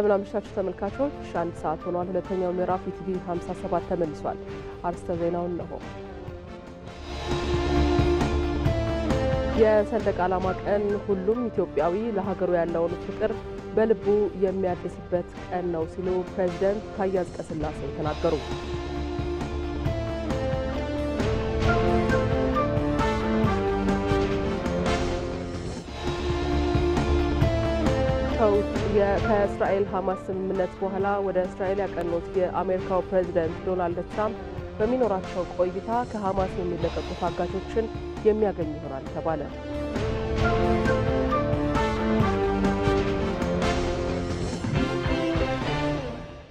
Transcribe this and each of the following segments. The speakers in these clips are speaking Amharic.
እንደምን ተመልካቾች፣ አንድ ሰዓት ሆኗል። ሁለተኛው ምዕራፍ ኢቲቪ 57 ተመልሷል። አርስተ ዜናውን ነው። የሰንደቅ ዓላማ ቀን ሁሉም ኢትዮጵያዊ ለሀገሩ ያለውን ፍቅር በልቡ የሚያድስበት ቀን ነው ሲሉ ፕሬዚደንት ታዬ አጽቀሥላሴ ተናገሩ። ከእስራኤል ሐማስ ስምምነት በኋላ ወደ እስራኤል ያቀኑት የአሜሪካው ፕሬዚደንት ዶናልድ ትራምፕ በሚኖራቸው ቆይታ ከሐማስ የሚለቀቁ ታጋቾችን የሚያገኙ ይሆናል ተባለ።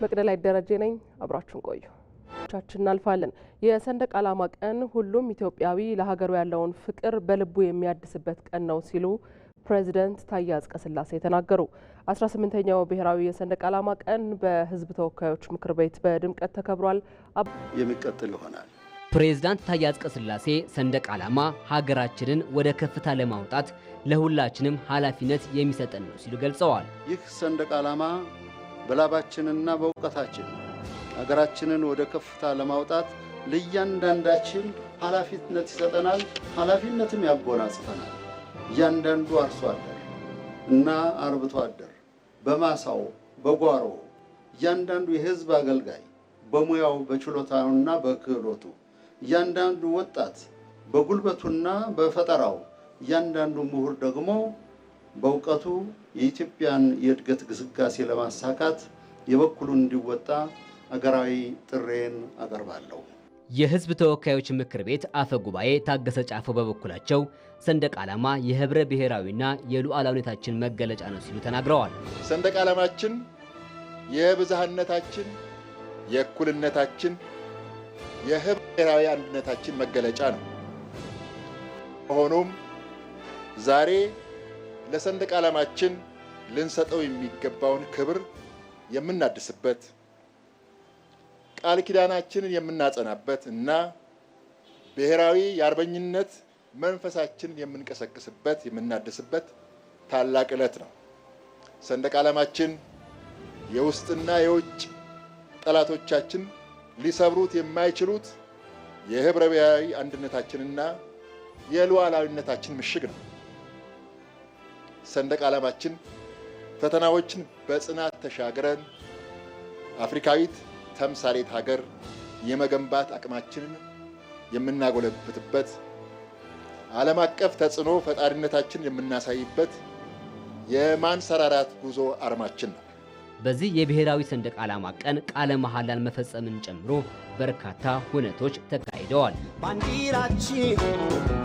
መቅደላይ ደረጀ ነኝ። አብራችሁን ቆዩ። ቻችን እናልፋለን። የሰንደቅ ዓላማ ቀን ሁሉም ኢትዮጵያዊ ለሀገሩ ያለውን ፍቅር በልቡ የሚያድስበት ቀን ነው ሲሉ ፕሬዚደንት ታዬ አጽቀሥላሴ ተናገሩ። 18ኛው ብሔራዊ የሰንደቅ ዓላማ ቀን በሕዝብ ተወካዮች ምክር ቤት በድምቀት ተከብሯል። የሚቀጥል ይሆናል። ፕሬዝዳንት ታዬ አጽቀሥላሴ ሰንደቅ ዓላማ ሀገራችንን ወደ ከፍታ ለማውጣት ለሁላችንም ኃላፊነት የሚሰጠን ነው ሲሉ ገልጸዋል። ይህ ሰንደቅ ዓላማ በላባችንና በእውቀታችን ሀገራችንን ወደ ከፍታ ለማውጣት ለእያንዳንዳችን ኃላፊነት ይሰጠናል፣ ኃላፊነትም ያጎናጽፈናል። እያንዳንዱ አርሶ አደር እና አርብቶ አደር በማሳው በጓሮ እያንዳንዱ የህዝብ አገልጋይ በሙያው በችሎታውና በክህሎቱ እያንዳንዱ ወጣት በጉልበቱና በፈጠራው እያንዳንዱ ምሁር ደግሞ በእውቀቱ የኢትዮጵያን የእድገት ግስጋሴ ለማሳካት የበኩሉን እንዲወጣ አገራዊ ጥሬን አቀርባለሁ። የህዝብ ተወካዮች ምክር ቤት አፈ ጉባኤ ታገሰ ጫፎ በበኩላቸው ሰንደቅ ዓላማ የህብረ ብሔራዊና የሉዓላዊነታችን መገለጫ ነው ሲሉ ተናግረዋል። ሰንደቅ ዓላማችን የብዝሃነታችን፣ የእኩልነታችን፣ የህብረ ብሔራዊ አንድነታችን መገለጫ ነው። ሆኖም ዛሬ ለሰንደቅ ዓላማችን ልንሰጠው የሚገባውን ክብር የምናድስበት ቃል ኪዳናችንን የምናጸናበት እና ብሔራዊ የአርበኝነት መንፈሳችንን የምንቀሰቅስበት የምናድስበት ታላቅ ዕለት ነው። ሰንደቅ ዓላማችን የውስጥና የውጭ ጠላቶቻችን ሊሰብሩት የማይችሉት የህብረ ብሔራዊ አንድነታችንና የሉዓላዊነታችን ምሽግ ነው። ሰንደቅ ዓላማችን ፈተናዎችን በጽናት ተሻግረን አፍሪካዊት ተምሳሌት ሀገር የመገንባት አቅማችንን የምናጎለብትበት ዓለም አቀፍ ተጽዕኖ ፈጣሪነታችን የምናሳይበት የማንሰራራት ጉዞ አርማችን ነው። በዚህ የብሔራዊ ሰንደቅ ዓላማ ቀን ቃለ መሐላን መፈጸምን ጨምሮ በርካታ ሁነቶች ተካሂደዋል። ባንዲራችን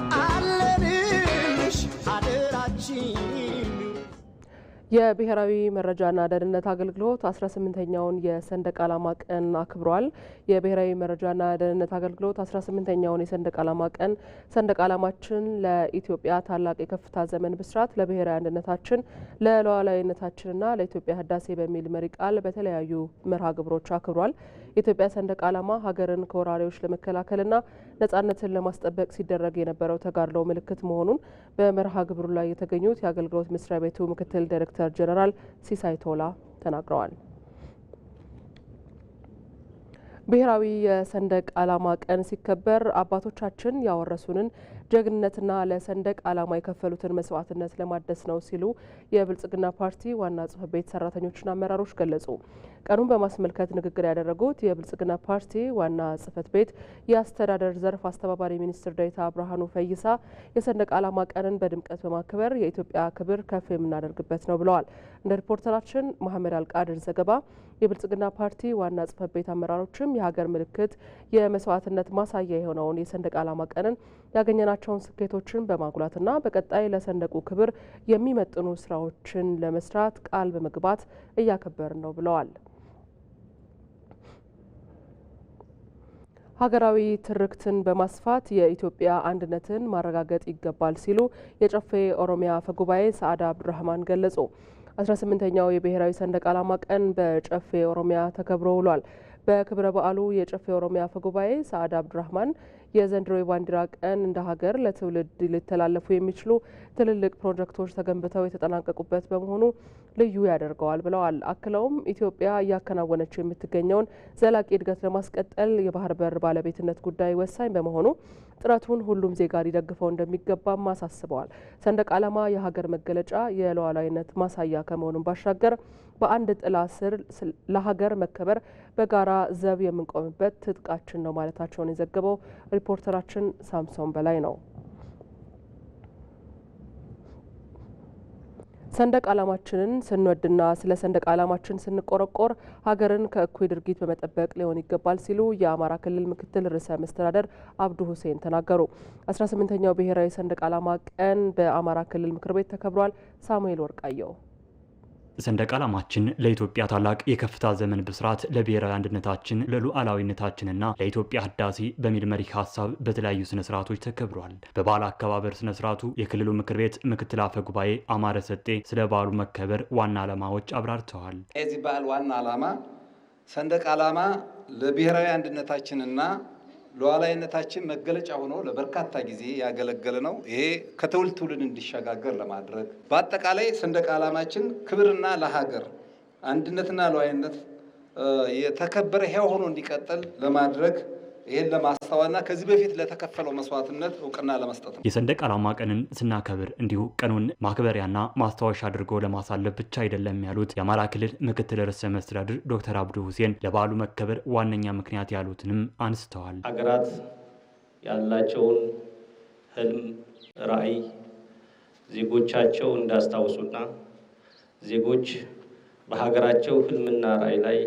የብሔራዊ መረጃና ደህንነት አገልግሎት 18ኛውን የሰንደቅ ዓላማ ቀን አክብሯል። የብሔራዊ መረጃና ደህንነት አገልግሎት 18ኛውን የሰንደቅ ዓላማ ቀን ሰንደቅ ዓላማችን ለኢትዮጵያ ታላቅ የከፍታ ዘመን ብስራት፣ ለብሔራዊ አንድነታችን፣ ለሉዓላዊነታችንና ለኢትዮጵያ ህዳሴ በሚል መሪ ቃል በተለያዩ መርሃ ግብሮች አክብሯል። የኢትዮጵያ ሰንደቅ ዓላማ ሀገርን ከወራሪዎች ለመከላከልና ነጻነትን ለማስጠበቅ ሲደረግ የነበረው ተጋድሎ ምልክት መሆኑን በመርሃ ግብሩ ላይ የተገኙት የአገልግሎት መስሪያ ቤቱ ምክትል ዳይሬክተር ዳይሬክተር ጀነራል ሲሳይ ቶላ ተናግረዋል። ብሔራዊ የሰንደቅ ዓላማ ቀን ሲከበር አባቶቻችን ያወረሱንን ጀግንነትና ለሰንደቅ ዓላማ የከፈሉትን መስዋዕትነት ለማደስ ነው ሲሉ የብልጽግና ፓርቲ ዋና ጽሕፈት ቤት ሰራተኞችና አመራሮች ገለጹ። ቀኑን በማስመልከት ንግግር ያደረጉት የብልጽግና ፓርቲ ዋና ጽፈት ቤት የአስተዳደር ዘርፍ አስተባባሪ ሚኒስትር ዴኤታ ብርሃኑ ፈይሳ የሰንደቅ ዓላማ ቀንን በድምቀት በማክበር የኢትዮጵያ ክብር ከፍ የምናደርግበት ነው ብለዋል። እንደ ሪፖርተራችን መሐመድ አልቃድር ዘገባ የብልጽግና ፓርቲ ዋና ጽፈት ቤት አመራሮችም የሀገር ምልክት፣ የመስዋዕትነት ማሳያ የሆነውን የሰንደቅ ዓላማ ቀንን ያገኘናቸውን ስኬቶችን በማጉላትና በቀጣይ ለሰንደቁ ክብር የሚመጥኑ ስራዎችን ለመስራት ቃል በመግባት እያከበርን ነው ብለዋል። ሀገራዊ ትርክትን በማስፋት የኢትዮጵያ አንድነትን ማረጋገጥ ይገባል ሲሉ የጨፌ ኦሮሚያ አፈጉባኤ ሰዓዳ አብዱራህማን ገለጹ። አስራ ስምንተኛው የብሔራዊ ሰንደቅ ዓላማ ቀን በጨፌ ኦሮሚያ ተከብሮ ውሏል። በክብረ በዓሉ የጨፌ ኦሮሚያ ጉባኤ ሰዓዳ አብዱራህማን የዘንድሮ የባንዲራ ቀን እንደ ሀገር ለትውልድ ሊተላለፉ የሚችሉ ትልልቅ ፕሮጀክቶች ተገንብተው የተጠናቀቁበት በመሆኑ ልዩ ያደርገዋል ብለዋል። አክለውም ኢትዮጵያ እያከናወነችው የምትገኘውን ዘላቂ እድገት ለማስቀጠል የባህር በር ባለቤትነት ጉዳይ ወሳኝ በመሆኑ ጥረቱን ሁሉም ዜጋ ሊደግፈው እንደሚገባም አሳስበዋል። ሰንደቅ ዓላማ የሀገር መገለጫ፣ የሉዓላዊነት ማሳያ ከመሆኑን ባሻገር በአንድ ጥላ ስር ለሀገር መከበር በጋራ ዘብ የምንቆምበት ትጥቃችን ነው ማለታቸውን የዘገበው ሪፖርተራችን ሳምሶን በላይ ነው። ሰንደቅ ዓላማችንን ስንወድና ስለ ሰንደቅ ዓላማችን ስንቆረቆር ሀገርን ከእኩይ ድርጊት በመጠበቅ ሊሆን ይገባል ሲሉ የአማራ ክልል ምክትል ርዕሰ መስተዳደር አብዱ ሁሴን ተናገሩ። 18ኛው ብሔራዊ ሰንደቅ ዓላማ ቀን በአማራ ክልል ምክር ቤት ተከብሯል። ሳሙኤል ወርቃየው ሰንደቅ ዓላማችን ለኢትዮጵያ ታላቅ የከፍታ ዘመን ብስራት ለብሔራዊ አንድነታችን ለሉዓላዊነታችንና ለኢትዮጵያ ህዳሴ በሚል መሪ ሀሳብ በተለያዩ ስነ ስርዓቶች ተከብሯል። በበዓል አከባበር ስነ ስርዓቱ የክልሉ ምክር ቤት ምክትል አፈ ጉባኤ አማረ ሰጤ ስለ በዓሉ መከበር ዋና ዓላማዎች አብራርተዋል። የዚህ በዓል ዋና ዓላማ ሰንደቅ ዓላማ ለብሔራዊ አንድነታችንና ሉዓላዊነታችን መገለጫ ሆኖ ለበርካታ ጊዜ ያገለገለ ነው። ይሄ ከትውልድ ትውልድ እንዲሸጋገር ለማድረግ በአጠቃላይ ሰንደቅ ዓላማችን ክብርና ለሀገር አንድነትና ሉዓላዊነት የተከበረ ሕያው ሆኖ እንዲቀጥል ለማድረግ ይህን ለማስተዋልና ከዚህ በፊት ለተከፈለው መስዋዕትነት እውቅና ለመስጠት ነው። የሰንደቅ ዓላማ ቀንን ስናከብር እንዲሁ ቀኑን ማክበሪያና ማስታወሻ አድርጎ ለማሳለፍ ብቻ አይደለም ያሉት የአማራ ክልል ምክትል ርዕሰ መስተዳድር ዶክተር አብዱ ሁሴን ለበዓሉ መከበር ዋነኛ ምክንያት ያሉትንም አንስተዋል። ሀገራት ያላቸውን ህልም፣ ራዕይ ዜጎቻቸው እንዳስታውሱና ዜጎች በሀገራቸው ህልምና ራዕይ ላይ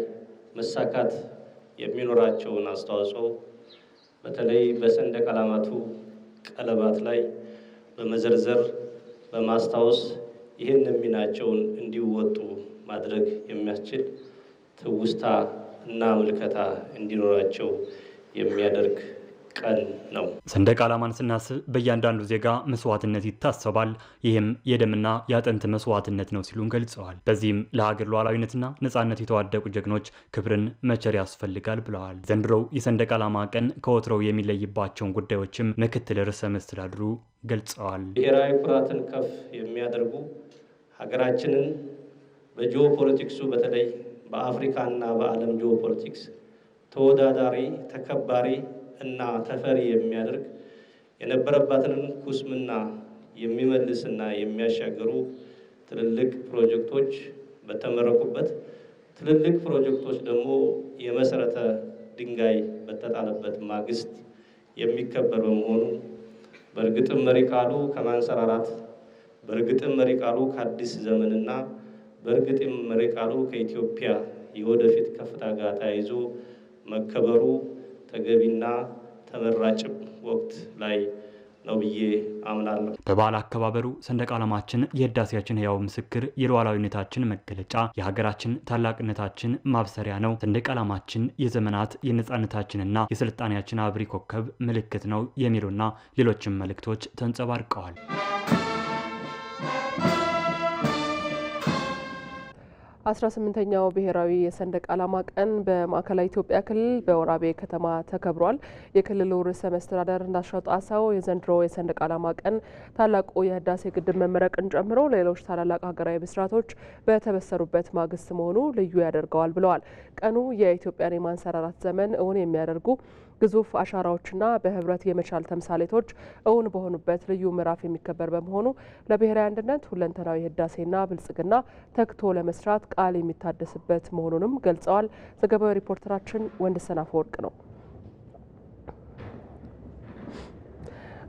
መሳካት የሚኖራቸውን አስተዋጽኦ በተለይ በሰንደቅ ዓላማቱ ቀለባት ላይ በመዘርዘር በማስታወስ ይህንን ሚናቸውን እንዲወጡ ማድረግ የሚያስችል ትውስታ እና ምልከታ እንዲኖራቸው የሚያደርግ ቀን ነው። ሰንደቅ ዓላማን ስናስብ በእያንዳንዱ ዜጋ መስዋዕትነት ይታሰባል። ይህም የደምና የአጥንት መስዋዕትነት ነው ሲሉም ገልጸዋል። በዚህም ለሀገር ሉዓላዊነትና ነጻነት የተዋደቁ ጀግኖች ክብርን መቸር ያስፈልጋል ብለዋል። ዘንድሮው የሰንደቅ ዓላማ ቀን ከወትሮው የሚለይባቸውን ጉዳዮችም ምክትል ርዕሰ መስተዳድሩ ገልጸዋል። ብሔራዊ ኩራትን ከፍ የሚያደርጉ ሀገራችንን በጂኦፖለቲክሱ በተለይ በአፍሪካና በዓለም ጂኦፖለቲክስ ተወዳዳሪ ተከባሪ እና ተፈሪ የሚያደርግ የነበረባትን ኩስምና የሚመልስና የሚያሻገሩ ትልልቅ ፕሮጀክቶች በተመረቁበት ትልልቅ ፕሮጀክቶች ደግሞ የመሰረተ ድንጋይ በተጣለበት ማግስት የሚከበር በመሆኑ በእርግጥም መሪ ቃሉ ከማንሰራራት በእርግጥም መሪ ቃሉ ከአዲስ ዘመንና በእርግጥም መሪ ቃሉ ከኢትዮጵያ የወደፊት ከፍታ ጋር ተያይዞ መከበሩ ተገቢና ተመራጭም ወቅት ላይ ነው ብዬ አምናለሁ። በበዓል አከባበሩ ሰንደቅ ዓላማችን የህዳሴያችን ህያው ምስክር፣ የሉዓላዊነታችን መገለጫ፣ የሀገራችን ታላቅነታችን ማብሰሪያ ነው። ሰንደቅ ዓላማችን የዘመናት የነፃነታችንና የስልጣኔያችን አብሪ ኮከብ ምልክት ነው የሚሉና ሌሎችም መልእክቶች ተንጸባርቀዋል። አስራ ስምንተኛው ብሔራዊ የሰንደቅ ዓላማ ቀን በማዕከላዊ ኢትዮጵያ ክልል በወራቤ ከተማ ተከብሯል። የክልሉ ርዕሰ መስተዳደር እንዳሻው ጣሰው የዘንድሮ የሰንደቅ ዓላማ ቀን ታላቁ የህዳሴ ግድብ መመረቅን ጨምሮ ሌሎች ታላላቅ ሀገራዊ ብስራቶች በተበሰሩበት ማግስት መሆኑ ልዩ ያደርገዋል ብለዋል። ቀኑ የኢትዮጵያን የማንሰራራት ዘመን እውን የሚያደርጉ ግዙፍ አሻራዎችና በህብረት የመቻል ተምሳሌቶች እውን በሆኑበት ልዩ ምዕራፍ የሚከበር በመሆኑ ለብሔራዊ አንድነት ሁለንተናዊ ህዳሴና ብልጽግና ተግቶ ለመስራት ቃል የሚታደስበት መሆኑንም ገልጸዋል። ዘገባዊ ሪፖርተራችን ወንድሰናፈወርቅ ነው።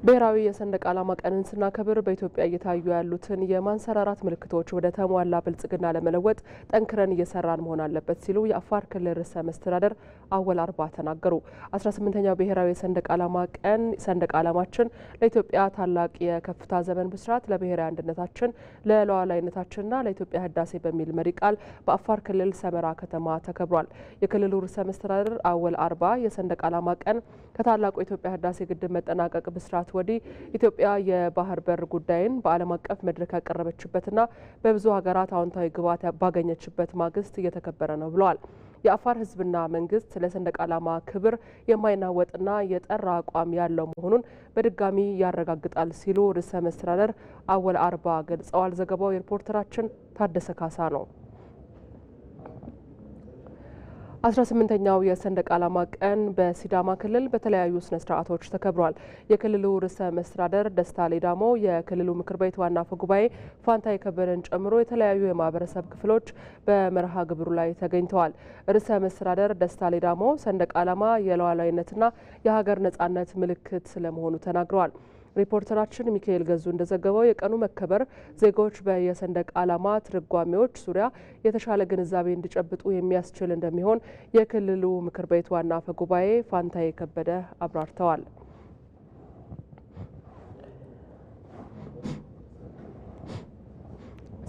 ብሔራዊ የሰንደቅ ዓላማ ቀንን ስናከብር በኢትዮጵያ እየታዩ ያሉትን የማንሰራራት ምልክቶች ወደ ተሟላ ብልጽግና ለመለወጥ ጠንክረን እየሰራን መሆን አለበት ሲሉ የአፋር ክልል ርዕሰ መስተዳደር አወል አርባ ተናገሩ። 18ኛው ብሔራዊ የሰንደቅ ዓላማ ቀን ሰንደቅ ዓላማችን ለኢትዮጵያ ታላቅ የከፍታ ዘመን ብስራት፣ ለብሔራዊ አንድነታችን፣ ለሉዓላዊነታችንና ለኢትዮጵያ ህዳሴ በሚል መሪ ቃል በአፋር ክልል ሰመራ ከተማ ተከብሯል። የክልሉ ርዕሰ መስተዳደር አወል አርባ የሰንደቅ ዓላማ ቀን ከታላቁ የኢትዮጵያ ህዳሴ ግድብ መጠናቀቅ ብስራት ወዲህ ኢትዮጵያ የባህር በር ጉዳይን በዓለም አቀፍ መድረክ ያቀረበችበትና በብዙ ሀገራት አዎንታዊ ግብዓት ባገኘችበት ማግስት እየተከበረ ነው ብለዋል። የአፋር ህዝብና መንግስት ለሰንደቅ ዓላማ ክብር የማይናወጥና የጠራ አቋም ያለው መሆኑን በድጋሚ ያረጋግጣል ሲሉ ርዕሰ መስተዳደር አወል አርባ ገልጸዋል። ዘገባው የሪፖርተራችን ታደሰ ካሳ ነው። አስራ ስምንተኛው የሰንደቅ ዓላማ ቀን በሲዳማ ክልል በተለያዩ ስነ ስርዓቶች ተከብሯል። የክልሉ ርዕሰ መስተዳደር ደስታ ሌዳሞ፣ የክልሉ ምክር ቤት ዋና አፈ ጉባኤ ፋንታ የከበደን ጨምሮ የተለያዩ የማህበረሰብ ክፍሎች በመርሃ ግብሩ ላይ ተገኝተዋል። ርዕሰ መስተዳደር ደስታ ሌዳሞ ሰንደቅ ዓላማ የሉዓላዊነትና የሀገር ነጻነት ምልክት ስለመሆኑ ተናግረዋል። ሪፖርተራችን ሚካኤል ገዙ እንደዘገበው የቀኑ መከበር ዜጎች በየሰንደቅ ዓላማ ትርጓሜዎች ዙሪያ የተሻለ ግንዛቤ እንዲጨብጡ የሚያስችል እንደሚሆን የክልሉ ምክር ቤት ዋና አፈ ጉባኤ ፋንታዬ ከበደ አብራርተዋል።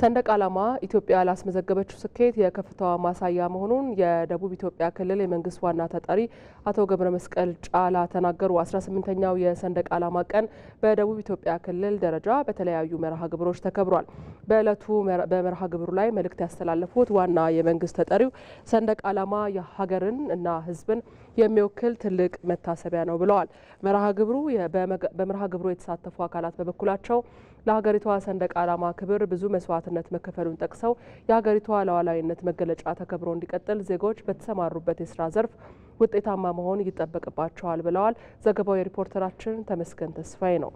ሰንደቅ ዓላማ ኢትዮጵያ ላስመዘገበችው ስኬት የከፍታዋ ማሳያ መሆኑን የደቡብ ኢትዮጵያ ክልል የመንግስት ዋና ተጠሪ አቶ ገብረ መስቀል ጫላ ተናገሩ። 18ኛው የሰንደቅ ዓላማ ቀን በደቡብ ኢትዮጵያ ክልል ደረጃ በተለያዩ መርሃ ግብሮች ተከብሯል። በዕለቱ በመርሃ ግብሩ ላይ መልእክት ያስተላለፉት ዋና የመንግስት ተጠሪው ሰንደቅ ዓላማ የሀገርን እና ሕዝብን የሚወክል ትልቅ መታሰቢያ ነው ብለዋል። መርሃ ግብሩ በመርሃ ግብሩ የተሳተፉ አካላት በበኩላቸው ለሀገሪቷ ሰንደቅ ዓላማ ክብር ብዙ መስዋዕትነት መከፈሉን ጠቅሰው የሀገሪቷ ሉዓላዊነት መገለጫ ተከብሮ እንዲቀጥል ዜጎች በተሰማሩበት የስራ ዘርፍ ውጤታማ መሆን ይጠበቅባቸዋል ብለዋል። ዘገባው የሪፖርተራችን ተመስገን ተስፋዬ ነው።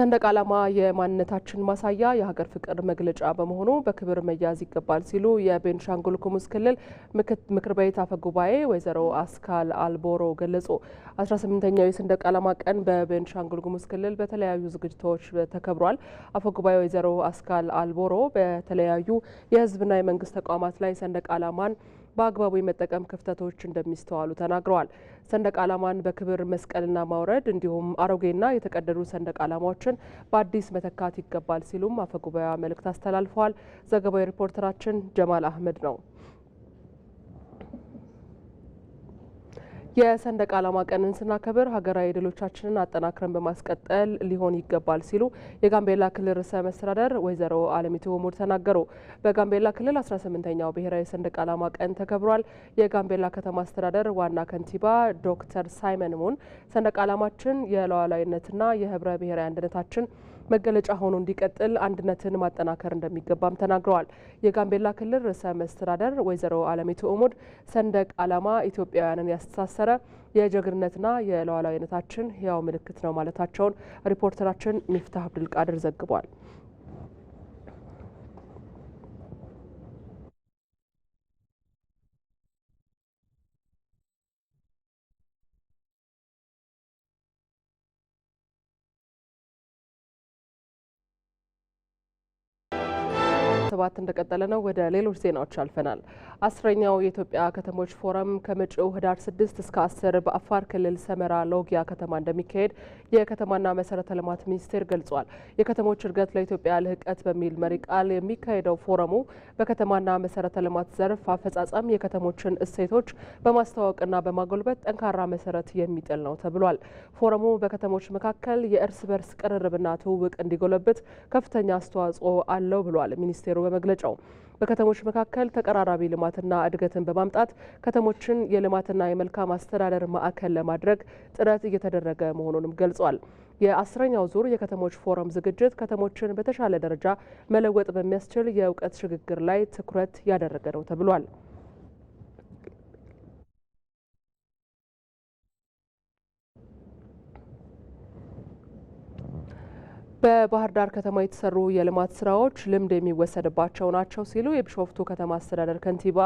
ሰንደቅ ዓላማ የማንነታችን ማሳያ የሀገር ፍቅር መግለጫ በመሆኑ በክብር መያዝ ይገባል ሲሉ የቤንሻንጉል ጉሙዝ ክልል ምክር ቤት አፈ ጉባኤ ወይዘሮ አስካል አልቦሮ ገለጹ። 18ኛው የሰንደቅ ዓላማ ቀን በቤንሻንጉል ጉሙዝ ክልል በተለያዩ ዝግጅቶች ተከብሯል። አፈ ጉባኤ ወይዘሮ አስካል አልቦሮ በተለያዩ የህዝብና የመንግስት ተቋማት ላይ ሰንደቅ ዓላማን በአግባቡ የመጠቀም ክፍተቶች እንደሚስተዋሉ ተናግረዋል። ሰንደቅ ዓላማን በክብር መስቀልና ማውረድ እንዲሁም አሮጌና የተቀደዱ ሰንደቅ ዓላማዎችን በአዲስ መተካት ይገባል ሲሉም አፈጉባኤዋ መልእክት አስተላልፈዋል። ዘገባዊ ሪፖርተራችን ጀማል አህመድ ነው። የሰንደቅ ዓላማ ቀንን ስናከብር ሀገራዊ ድሎቻችንን አጠናክረን በማስቀጠል ሊሆን ይገባል ሲሉ የጋምቤላ ክልል ርዕሰ መስተዳደር ወይዘሮ አለሚቱ ሙር ተናገሩ። በጋምቤላ ክልል 18ኛው ብሔራዊ ሰንደቅ ዓላማ ቀን ተከብሯል። የጋምቤላ ከተማ አስተዳደር ዋና ከንቲባ ዶክተር ሳይመን ሙን ሰንደቅ ዓላማችን የሉዓላዊነትና የህብረ ብሔራዊ አንድነታችን መገለጫ ሆኖ እንዲቀጥል አንድነትን ማጠናከር እንደሚገባም ተናግረዋል። የጋምቤላ ክልል ርዕሰ መስተዳደር ወይዘሮ አለሚቱ ኡሙድ ሰንደቅ ዓላማ ኢትዮጵያውያንን ያስተሳሰረ የጀግንነትና የሉዓላዊነታችን ህያው ምልክት ነው ማለታቸውን ሪፖርተራችን ሚፍታህ አብዱልቃድር ዘግቧል። ሰባት እንደቀጠለ ነው። ወደ ሌሎች ዜናዎች አልፈናል። አስረኛው የኢትዮጵያ ከተሞች ፎረም ከመጪው ህዳር ስድስት እስከ አስር በአፋር ክልል ሰመራ ሎጊያ ከተማ እንደሚካሄድ የከተማና መሰረተ ልማት ሚኒስቴር ገልጿል። የከተሞች እድገት ለኢትዮጵያ ልህቀት በሚል መሪ ቃል የሚካሄደው ፎረሙ በከተማና መሰረተ ልማት ዘርፍ አፈጻጸም የከተሞችን እሴቶች በማስተዋወቅና በማጎልበት ጠንካራ መሰረት የሚጥል ነው ተብሏል። ፎረሙ በከተሞች መካከል የእርስ በርስ ቅርርብና ትውውቅ እንዲጎለብት ከፍተኛ አስተዋጽኦ አለው ብሏል ሚኒስቴሩ። በመግለጫው በከተሞች መካከል ተቀራራቢ ልማትና እድገትን በማምጣት ከተሞችን የልማትና የመልካም አስተዳደር ማዕከል ለማድረግ ጥረት እየተደረገ መሆኑንም ገልጿል። የአስረኛው ዙር የከተሞች ፎረም ዝግጅት ከተሞችን በተሻለ ደረጃ መለወጥ በሚያስችል የእውቀት ሽግግር ላይ ትኩረት ያደረገ ነው ተብሏል። በባህር ዳር ከተማ የተሰሩ የልማት ስራዎች ልምድ የሚወሰድባቸው ናቸው ሲሉ የቢሾፍቱ ከተማ አስተዳደር ከንቲባ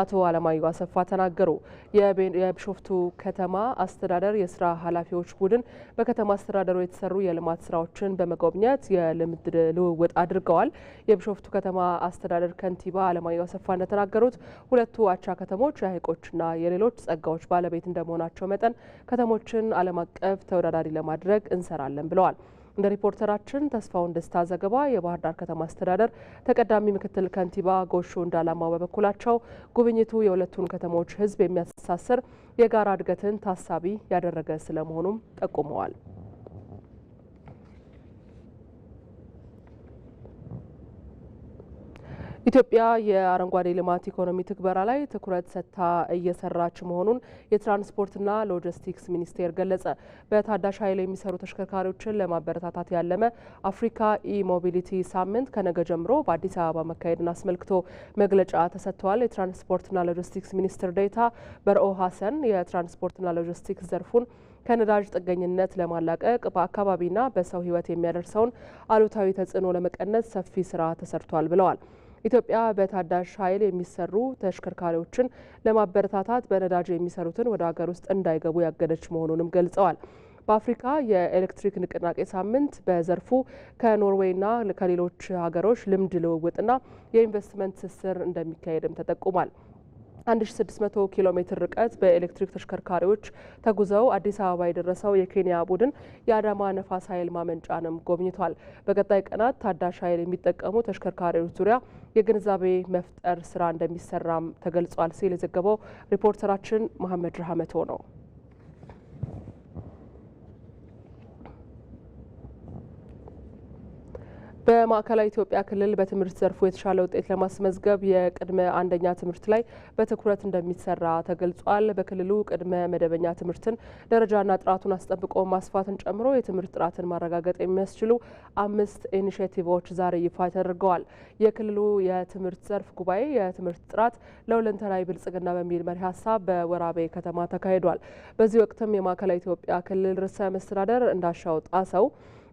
አቶ አለማየሁ አሰፋ ተናገሩ። የቢሾፍቱ ከተማ አስተዳደር የስራ ኃላፊዎች ቡድን በከተማ አስተዳደሩ የተሰሩ የልማት ስራዎችን በመጎብኘት የልምድ ልውውጥ አድርገዋል። የቢሾፍቱ ከተማ አስተዳደር ከንቲባ አለማየሁ አሰፋ እንደተናገሩት ሁለቱ አቻ ከተሞች የሀይቆችና የሌሎች ጸጋዎች ባለቤት እንደመሆናቸው መጠን ከተሞችን ዓለም አቀፍ ተወዳዳሪ ለማድረግ እንሰራለን ብለዋል። እንደ ሪፖርተራችን ተስፋውን ደስታ ዘገባ የባህር ዳር ከተማ አስተዳደር ተቀዳሚ ምክትል ከንቲባ ጎሹ እንዳላማው በበኩላቸው ጉብኝቱ የሁለቱን ከተሞች ሕዝብ የሚያስተሳስር የጋራ እድገትን ታሳቢ ያደረገ ስለመሆኑም ጠቁመዋል። ኢትዮጵያ የአረንጓዴ ልማት ኢኮኖሚ ትግበራ ላይ ትኩረት ሰጥታ እየሰራች መሆኑን የትራንስፖርትና ሎጂስቲክስ ሚኒስቴር ገለጸ። በታዳሽ ኃይል የሚሰሩ ተሽከርካሪዎችን ለማበረታታት ያለመ አፍሪካ ኢሞቢሊቲ ሳምንት ከነገ ጀምሮ በአዲስ አበባ መካሄድን አስመልክቶ መግለጫ ተሰጥተዋል። የትራንስፖርትና ሎጂስቲክስ ሚኒስትር ዴታ በርኦ ሀሰን የትራንስፖርትና ሎጂስቲክስ ዘርፉን ከነዳጅ ጥገኝነት ለማላቀቅ በአካባቢና በሰው ሕይወት የሚያደርሰውን አሉታዊ ተጽዕኖ ለመቀነስ ሰፊ ስራ ተሰርቷል ብለዋል። ኢትዮጵያ በታዳሽ ኃይል የሚሰሩ ተሽከርካሪዎችን ለማበረታታት በነዳጅ የሚሰሩትን ወደ ሀገር ውስጥ እንዳይገቡ ያገደች መሆኑንም ገልጸዋል። በአፍሪካ የኤሌክትሪክ ንቅናቄ ሳምንት በዘርፉ ከኖርዌይና ከሌሎች ሀገሮች ልምድ ልውውጥና የኢንቨስትመንት ትስስር እንደሚካሄድም ተጠቁሟል። 1600 ኪሎ ሜትር ርቀት በኤሌክትሪክ ተሽከርካሪዎች ተጉዘው አዲስ አበባ የደረሰው የኬንያ ቡድን የአዳማ ነፋስ ኃይል ማመንጫንም ጎብኝቷል። በቀጣይ ቀናት ታዳሽ ኃይል የሚጠቀሙ ተሽከርካሪዎች ዙሪያ የግንዛቤ መፍጠር ስራ እንደሚሰራም ተገልጿል ሲል የዘገበው ሪፖርተራችን መሐመድ ረሃመቶ ነው። በማዕከላዊ ኢትዮጵያ ክልል በትምህርት ዘርፉ የተሻለ ውጤት ለማስመዝገብ የቅድመ አንደኛ ትምህርት ላይ በትኩረት እንደሚሰራ ተገልጿል። በክልሉ ቅድመ መደበኛ ትምህርትን ደረጃና ጥራቱን አስጠብቆ ማስፋትን ጨምሮ የትምህርት ጥራትን ማረጋገጥ የሚያስችሉ አምስት ኢኒሽቲቮች ዛሬ ይፋ ተደርገዋል። የክልሉ የትምህርት ዘርፍ ጉባኤ የትምህርት ጥራት ለሁለንተናዊ ብልጽግና በሚል መሪ ሀሳብ በወራቤ ከተማ ተካሂዷል። በዚህ ወቅትም የማዕከላዊ ኢትዮጵያ ክልል ርዕሰ መስተዳደር እንዳሻው ጣሰው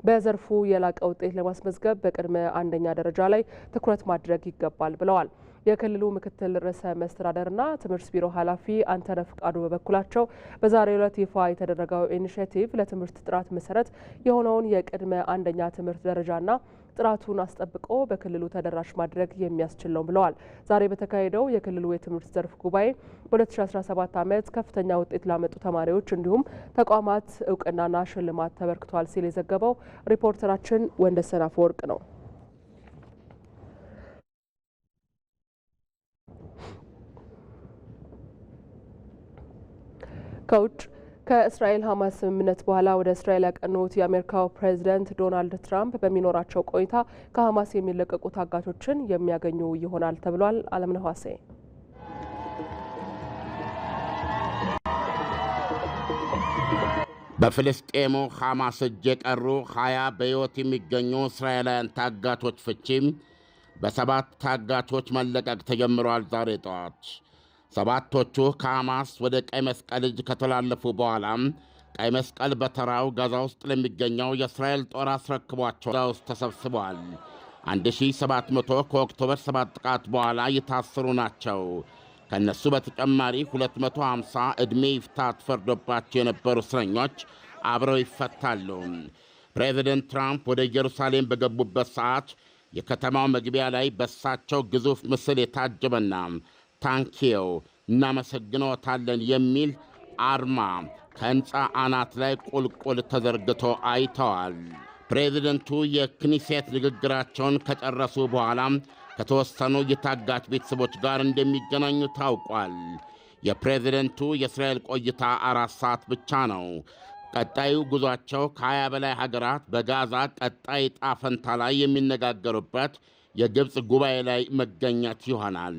በዘርፉ የላቀ ውጤት ለማስመዝገብ በቅድመ አንደኛ ደረጃ ላይ ትኩረት ማድረግ ይገባል ብለዋል። የክልሉ ምክትል ርዕሰ መስተዳደርና ትምህርት ቢሮ ኃላፊ አንተነህ ፍቃዱ በበኩላቸው በዛሬው ዕለት ይፋ የተደረገው ኢኒሽቲቭ ለትምህርት ጥራት መሰረት የሆነውን የቅድመ አንደኛ ትምህርት ደረጃና ጥራቱን አስጠብቆ በክልሉ ተደራሽ ማድረግ የሚያስችል ነው ብለዋል። ዛሬ በተካሄደው የክልሉ የትምህርት ዘርፍ ጉባኤ በ2017 ዓመት ከፍተኛ ውጤት ላመጡ ተማሪዎች እንዲሁም ተቋማት እውቅናና ሽልማት ተበርክቷል ሲል የዘገበው ሪፖርተራችን ወንደሰን አፈወርቅ ነው። ከውጭ ከእስራኤል ሀማስ ስምምነት በኋላ ወደ እስራኤል ያቀኑት የአሜሪካው ፕሬዚደንት ዶናልድ ትራምፕ በሚኖራቸው ቆይታ ከሀማስ የሚለቀቁ ታጋቾችን የሚያገኙ ይሆናል ተብሏል። አለምነህ ዋሴ በፍልስጤሙ ሐማስ እጅ የቀሩ ሀያ በሕይወት የሚገኙ እስራኤላውያን ታጋቾች ፍቺም በሰባት ታጋቾች መለቀቅ ተጀምሯል ዛሬ ጠዋት። ሰባቶቹ ከሐማስ ወደ ቀይ መስቀል እጅ ከተላለፉ በኋላ ቀይ መስቀል በተራው ጋዛ ውስጥ ለሚገኘው የእስራኤል ጦር አስረክቧቸው ጋዛ ውስጥ ተሰብስበዋል። 1700 ከኦክቶበር 7 ጥቃት በኋላ የታሰሩ ናቸው። ከእነሱ በተጨማሪ 250 ዕድሜ ይፍታ ተፈርዶባቸው የነበሩ እስረኞች አብረው ይፈታሉ። ፕሬዚደንት ትራምፕ ወደ ኢየሩሳሌም በገቡበት ሰዓት የከተማው መግቢያ ላይ በሳቸው ግዙፍ ምስል የታጀበና ታንኪው እናመሰግኖታለን የሚል አርማ ከሕንፃ አናት ላይ ቁልቁል ተዘርግቶ አይተዋል። ፕሬዚደንቱ የክኒሴት ንግግራቸውን ከጨረሱ በኋላ ከተወሰኑ የታጋች ቤተሰቦች ጋር እንደሚገናኙ ታውቋል። የፕሬዚደንቱ የእስራኤል ቆይታ አራት ሰዓት ብቻ ነው። ቀጣዩ ጉዟቸው ከ ያ በላይ ሀገራት በጋዛ ቀጣይ ጣፈንታ ላይ የሚነጋገሩበት የግብፅ ጉባኤ ላይ መገኘት ይሆናል።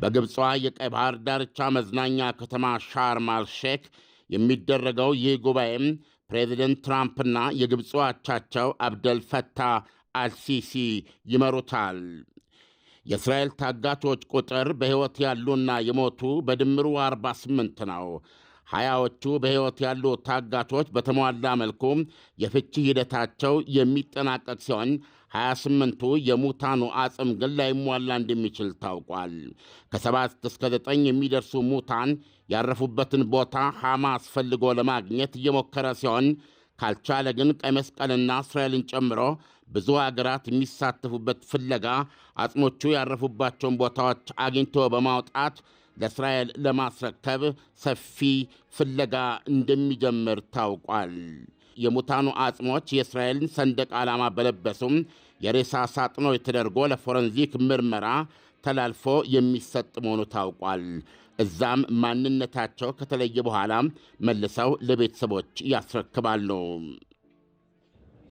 በግብፅዋ የቀይ ባህር ዳርቻ መዝናኛ ከተማ ሻርም አልሼክ የሚደረገው ይህ ጉባኤም ፕሬዚደንት ትራምፕና የግብፅ አቻቸው አብደል አልሲሲ ይመሩታል። የእስራኤል ታጋቾች ቁጥር በሕይወት ያሉና የሞቱ በድምሩ 48 ነው። ሀያዎቹ በሕይወት ያሉ ታጋቾች በተሟላ መልኩ የፍቺ ሂደታቸው የሚጠናቀቅ ሲሆን 28ቱ የሙታኑ አጽም ግን ላይሟላ እንደሚችል ታውቋል። ከ7 እስከ 9 የሚደርሱ ሙታን ያረፉበትን ቦታ ሐማ አስፈልጎ ለማግኘት እየሞከረ ሲሆን ካልቻለ ግን ቀይ መስቀልና እስራኤልን ጨምሮ ብዙ አገራት የሚሳተፉበት ፍለጋ አጽሞቹ ያረፉባቸውን ቦታዎች አግኝቶ በማውጣት ለእስራኤል ለማስረከብ ሰፊ ፍለጋ እንደሚጀምር ታውቋል። የሙታኑ አጽሞች የእስራኤልን ሰንደቅ ዓላማ በለበሱም የሬሳ ሳጥኖች ተደርጎ ለፎረንዚክ ምርመራ ተላልፎ የሚሰጥ መሆኑ ታውቋል። እዛም ማንነታቸው ከተለየ በኋላ መልሰው ለቤተሰቦች ያስረክባሉ።